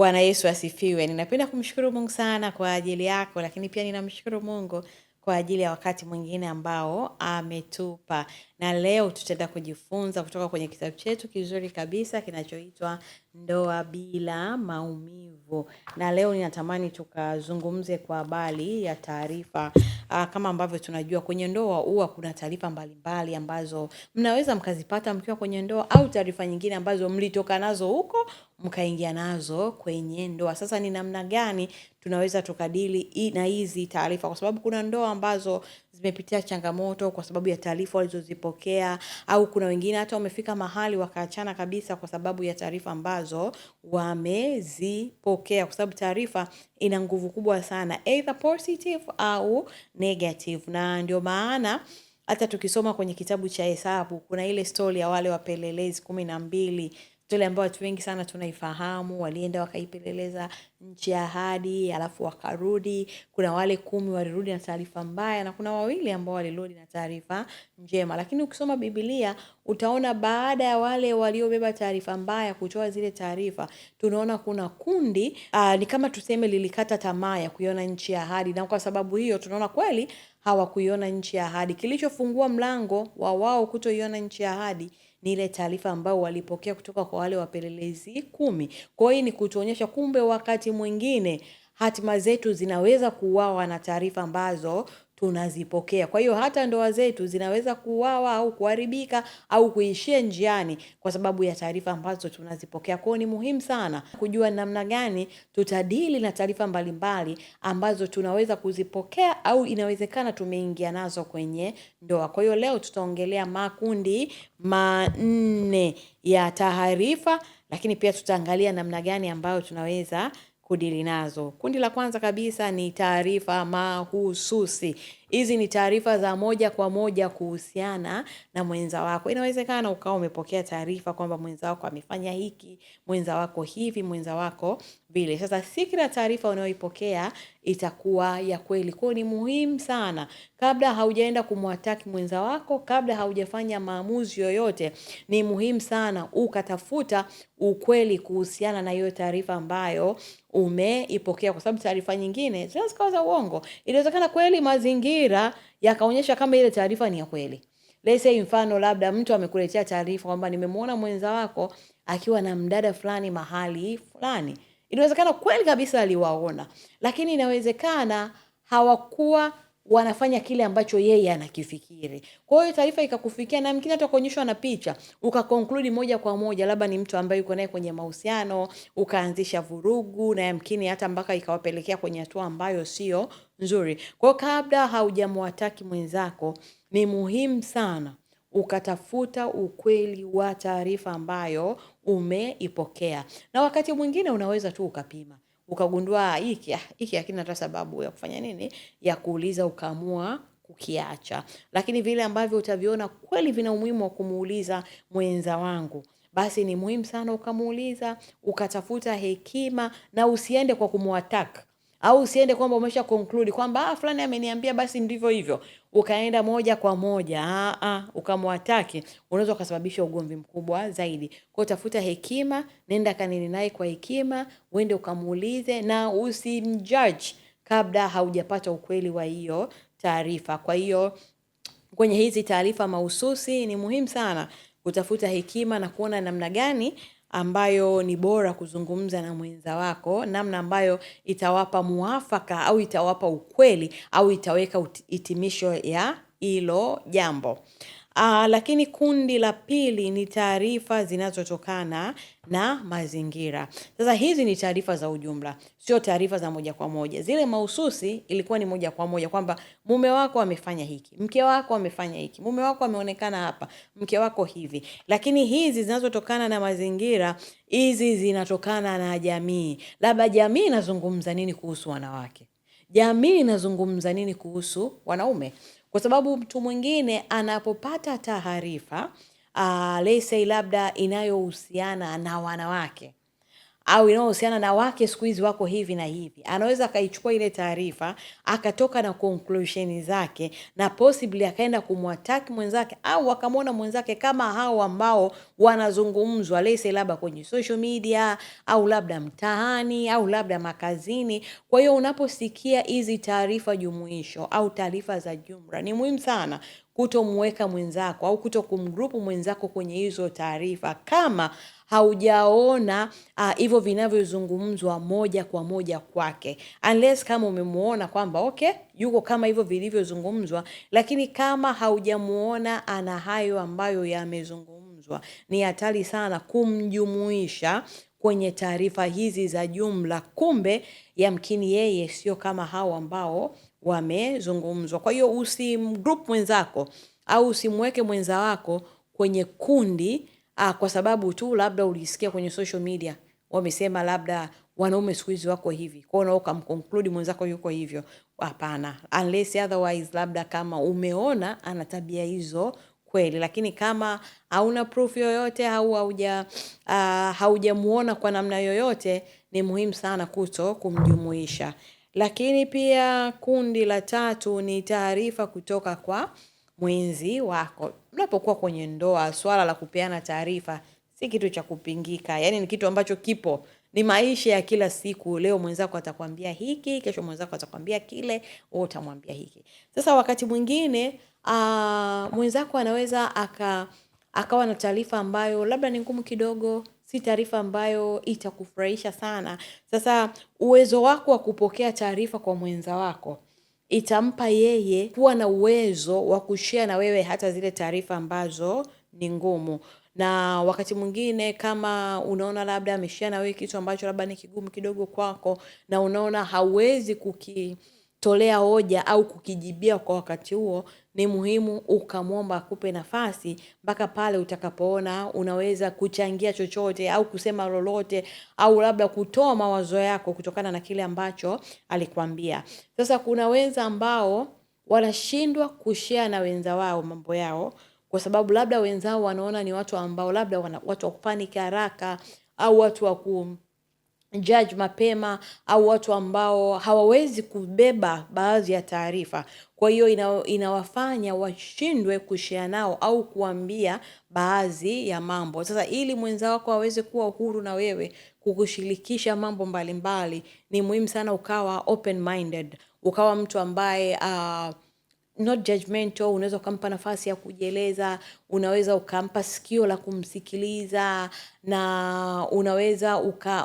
Bwana Yesu asifiwe. Ninapenda kumshukuru Mungu sana kwa ajili yako, lakini pia ninamshukuru Mungu kwa ajili ya wakati mwingine ambao ametupa, na leo tutaenda kujifunza kutoka kwenye kitabu chetu kizuri kabisa kinachoitwa ndoa bila maumivu. Na leo ninatamani tukazungumze kwa habari ya taarifa. Ah, kama ambavyo tunajua kwenye ndoa huwa kuna taarifa mbalimbali ambazo mnaweza mkazipata mkiwa kwenye ndoa au taarifa nyingine ambazo mlitoka nazo huko mkaingia nazo kwenye ndoa. Sasa ni namna gani tunaweza tukadili na hizi taarifa kwa sababu kuna ndoa ambazo zimepitia changamoto kwa sababu ya taarifa walizozipokea, au kuna wengine hata wamefika mahali wakaachana kabisa kwa sababu ya taarifa ambazo wamezipokea, kwa sababu taarifa ina nguvu kubwa sana, either positive au negative. Na ndio maana hata tukisoma kwenye kitabu cha Hesabu kuna ile stori ya wale wapelelezi kumi na mbili hoteli ambao watu wengi sana tunaifahamu, walienda wakaipeleleza nchi ya ahadi, alafu wakarudi. Kuna wale kumi walirudi na taarifa mbaya na kuna wawili ambao walirudi na taarifa njema, lakini ukisoma Biblia utaona baada ya wale waliobeba taarifa mbaya kutoa zile taarifa, tunaona kuna kundi aa, ah, ni kama tuseme lilikata tamaa ya kuiona nchi ya ahadi, na kwa sababu hiyo tunaona kweli hawakuiona nchi ya ahadi. Kilichofungua mlango wa wao kutoiona nchi ya ahadi ni ile taarifa ambayo walipokea kutoka kwa wale wapelelezi kumi. Kwa hiyo hii ni kutuonyesha kumbe, wakati mwingine hatima zetu zinaweza kuuawa na taarifa ambazo tunazipokea. Kwa hiyo hata ndoa zetu zinaweza kuuawa au kuharibika au kuishia njiani kwa sababu ya taarifa ambazo tunazipokea. Kwa hiyo ni muhimu sana kujua namna gani tutadili na taarifa mbalimbali ambazo tunaweza kuzipokea au inawezekana tumeingia nazo kwenye ndoa. Kwa hiyo leo tutaongelea makundi manne ya taarifa, lakini pia tutaangalia namna gani ambayo tunaweza kudili nazo. Kundi la kwanza kabisa ni taarifa mahususi. Hizi ni taarifa za moja kwa moja kuhusiana na mwenza wako. Inawezekana ukawa umepokea taarifa kwamba mwenza wako amefanya hiki, mwenza wako hivi, mwenza wako vile. Sasa si kila taarifa unayoipokea itakuwa ya kweli. Kwa hiyo ni muhimu sana kabla haujaenda kumwataki mwenza wako, kabla haujafanya maamuzi yoyote, ni muhimu sana ukatafuta ukweli kuhusiana na hiyo taarifa ambayo umeipokea, kwa sababu taarifa nyingine zinaweza kuwa za uongo. Inawezekana kweli mazingira mazingira yakaonyesha kama ile taarifa ni ya kweli. Let's say mfano labda mtu amekuletea taarifa kwamba nimemwona mwenza wako akiwa na mdada fulani mahali fulani. Inawezekana kweli kabisa aliwaona, lakini inawezekana hawakuwa wanafanya kile ambacho yeye anakifikiri. Kwa hiyo taarifa ikakufikia na mkini hata kuonyeshwa na picha, ukakonkludi moja kwa moja labda ni mtu ambaye uko naye kwenye mahusiano, ukaanzisha vurugu na yamkini hata mpaka ikawapelekea kwenye hatua ambayo sio nzuri. Kwa hiyo kabla haujamwataki mwenzako, ni muhimu sana ukatafuta ukweli wa taarifa ambayo umeipokea, na wakati mwingine unaweza tu ukapima ukagundua ah, hiki hiki hakina hata sababu ya kufanya nini ya kuuliza, ukaamua kukiacha. Lakini vile ambavyo utaviona kweli vina umuhimu wa kumuuliza mwenza wangu basi ni muhimu sana ukamuuliza, ukatafuta hekima na usiende kwa kumwatak au usiende kwamba umesha conclude kwamba ah, fulani ameniambia basi ndivyo hivyo, ukaenda moja kwa moja ah, ah, ukamwataki, unaweza ukasababisha ugomvi mkubwa zaidi. Kwa tafuta hekima, nenda kanini naye kwa hekima, uende ukamuulize na usimjudge kabla haujapata ukweli wa hiyo taarifa. Kwa hiyo kwenye hizi taarifa mahususi ni muhimu sana kutafuta hekima na kuona namna gani ambayo ni bora kuzungumza na mwenza wako, namna ambayo itawapa muafaka au itawapa ukweli au itaweka hitimisho ya hilo jambo. Uh, lakini kundi la pili ni taarifa zinazotokana na mazingira. Sasa hizi ni taarifa za ujumla, sio taarifa za moja kwa moja. Zile mahususi ilikuwa ni moja kwa moja kwamba mume wako amefanya hiki, mke wako amefanya hiki, mume wako ameonekana hapa, mke wako hivi. Lakini hizi zinazotokana na mazingira, hizi zinatokana na jamii, labda jamii inazungumza nini kuhusu wanawake jamii inazungumza nini kuhusu wanaume, kwa sababu mtu mwingine anapopata taarifa uh, let's say labda inayohusiana na wanawake au inayohusiana na wake siku hizi wako hivi na hivi, anaweza akaichukua ile taarifa akatoka na conclusion zake, na possibly akaenda kumwataki mwenzake au akamwona mwenzake kama hao ambao wanazungumzwa lese, labda kwenye social media au labda mtaani au labda makazini. Kwa hiyo unaposikia hizi taarifa jumuisho au taarifa za jumla, ni muhimu sana kutomweka mwenzako au kuto kumgrupu mwenzako kwenye hizo taarifa kama haujaona ah, hivyo uh, vinavyozungumzwa moja kwa moja kwake, unless kama umemwona kwamba okay yuko kama hivyo vilivyozungumzwa, lakini kama haujamuona ana hayo ambayo yamezungumzwa, ni hatari sana kumjumuisha kwenye taarifa hizi za jumla. Kumbe yamkini yeye sio kama hao ambao wamezungumzwa. Kwa hiyo usimgroup mwenzako au usimweke mwenza wako kwenye kundi ah, kwa sababu tu labda ulisikia kwenye social media wamesema labda wanaume siku hizi wako hivi, kwa hiyo ukamconclude mwenzako yuko hivyo. Hapana, unless otherwise, labda kama umeona ana tabia hizo kweli, lakini kama hauna proof yoyote au hauja uh, haujamuona kwa namna yoyote, ni muhimu sana kuto kumjumuisha. Lakini pia kundi la tatu ni taarifa kutoka kwa mwenzi wako. Mnapokuwa kwenye ndoa, swala la kupeana taarifa si kitu cha kupingika, yaani ni kitu ambacho kipo, ni maisha ya kila siku. Leo mwenzako atakwambia hiki, kesho mwenzako atakwambia kile, wewe utamwambia hiki. Sasa wakati mwingine ah, mwenzako anaweza aka akawa na taarifa ambayo labda ni ngumu kidogo si taarifa ambayo itakufurahisha sana. Sasa uwezo wako wa kupokea taarifa kwa mwenza wako itampa yeye kuwa na uwezo wa kushea na wewe hata zile taarifa ambazo ni ngumu. Na wakati mwingine kama unaona labda ameshia na wewe kitu ambacho labda ni kigumu kidogo kwako na unaona hauwezi kuki kutolea hoja au kukijibia kwa wakati huo, ni muhimu ukamwomba akupe nafasi mpaka pale utakapoona unaweza kuchangia chochote au kusema lolote au labda kutoa mawazo yako kutokana na kile ambacho alikuambia. Sasa kuna wenza ambao wanashindwa kushea na wenza wao mambo yao kwa sababu labda wenzao wanaona ni watu ambao labda wana, watu wa kupanika haraka au watu wa kum, judge mapema au watu ambao hawawezi kubeba baadhi ya taarifa. Kwa hiyo ina, inawafanya washindwe kushea nao au kuambia baadhi ya mambo. Sasa ili mwenza wako aweze kuwa uhuru na wewe kukushirikisha mambo mbalimbali mbali, ni muhimu sana ukawa open minded, ukawa mtu ambaye uh, not judgmental, unaweza ukampa nafasi ya kujieleza, unaweza ukampa sikio la kumsikiliza na unaweza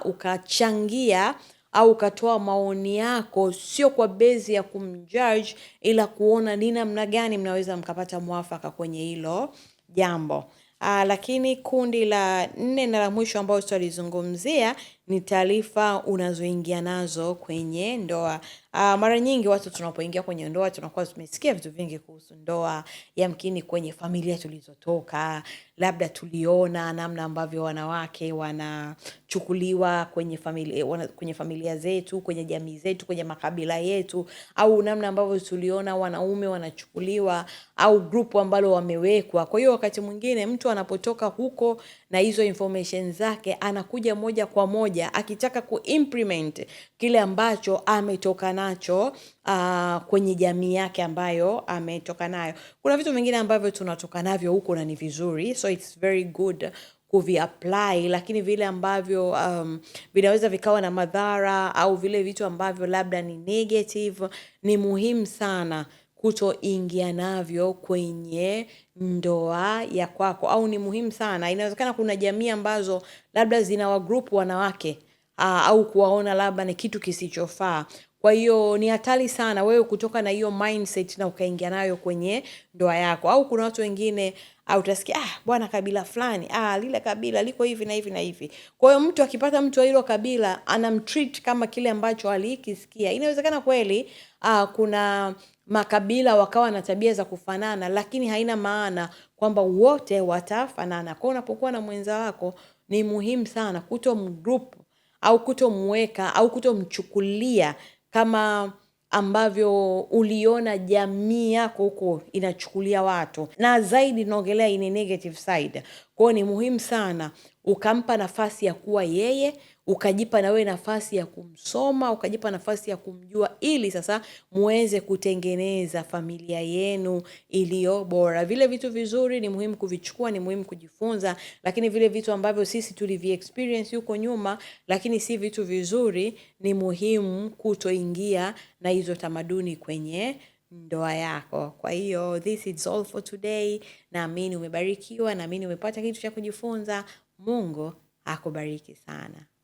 ukachangia uka au ukatoa maoni yako, sio kwa bezi ya kumjudge, ila kuona ni namna gani mnaweza mkapata mwafaka kwenye hilo jambo. Aa, ah, lakini kundi la nne na la mwisho ambayo tutalizungumzia ni taarifa unazoingia nazo kwenye ndoa. Uh, mara nyingi watu tunapoingia kwenye ndoa tunakuwa tumesikia vitu vingi kuhusu ndoa, yamkini kwenye familia tulizotoka, labda tuliona namna ambavyo wanawake wanachukuliwa kwenye familia, kwenye familia zetu, kwenye jamii zetu, kwenye makabila yetu, au namna ambavyo tuliona wanaume wanachukuliwa au grupu ambalo wamewekwa. Kwa hiyo wakati mwingine mtu anapotoka huko na hizo information zake anakuja moja kwa moja mmoja akitaka kuimplement kile ambacho ametoka nacho uh, kwenye jamii yake ambayo ametoka nayo. Kuna vitu vingine ambavyo tunatoka navyo huko na ni vizuri, so it's very good kuviapply lakini vile ambavyo um, vinaweza vikawa na madhara au vile vitu ambavyo labda ni negative, ni muhimu sana kutoingia navyo kwenye ndoa ya kwako, au ni muhimu sana. Inawezekana kuna jamii ambazo labda zina wagrupu wanawake aa, au kuwaona labda ni kitu kisichofaa. Kwa hiyo ni hatari sana wewe kutoka na hiyo mindset na ukaingia nayo kwenye ndoa yako. Au kuna watu wengine au ah, utasikia ah, bwana kabila fulani, ah, lile kabila liko hivi na hivi na hivi. Kwa hiyo mtu akipata mtu wa hilo kabila anamtreat kama kile ambacho alikisikia. Inawezekana kweli ah, kuna makabila wakawa na tabia za kufanana, lakini haina maana kwamba wote watafanana. Kwa unapokuwa na mwenza wako ni muhimu sana kutomgroup au kutomweka au kutomchukulia kama ambavyo uliona jamii yako huko inachukulia watu, na zaidi naongelea in negative side. Kwao ni muhimu sana ukampa nafasi ya kuwa yeye ukajipa wewe nafasi ya kumsoma, ukajipa nafasi ya kumjua, ili sasa muweze kutengeneza familia yenu iliyo bora. Vile vitu vizuri ni muhimu kuvichukua, ni muhimu kujifunza, lakini vile vitu ambavyo sisi tulivi experience huko nyuma, lakini si vitu vizuri, ni muhimu kutoingia na hizo tamaduni kwenye ndoa yako. Kwa hiyo this is all for today. Naamini umebarikiwa, naamini umepata kitu cha kujifunza. Mungu akubariki sana.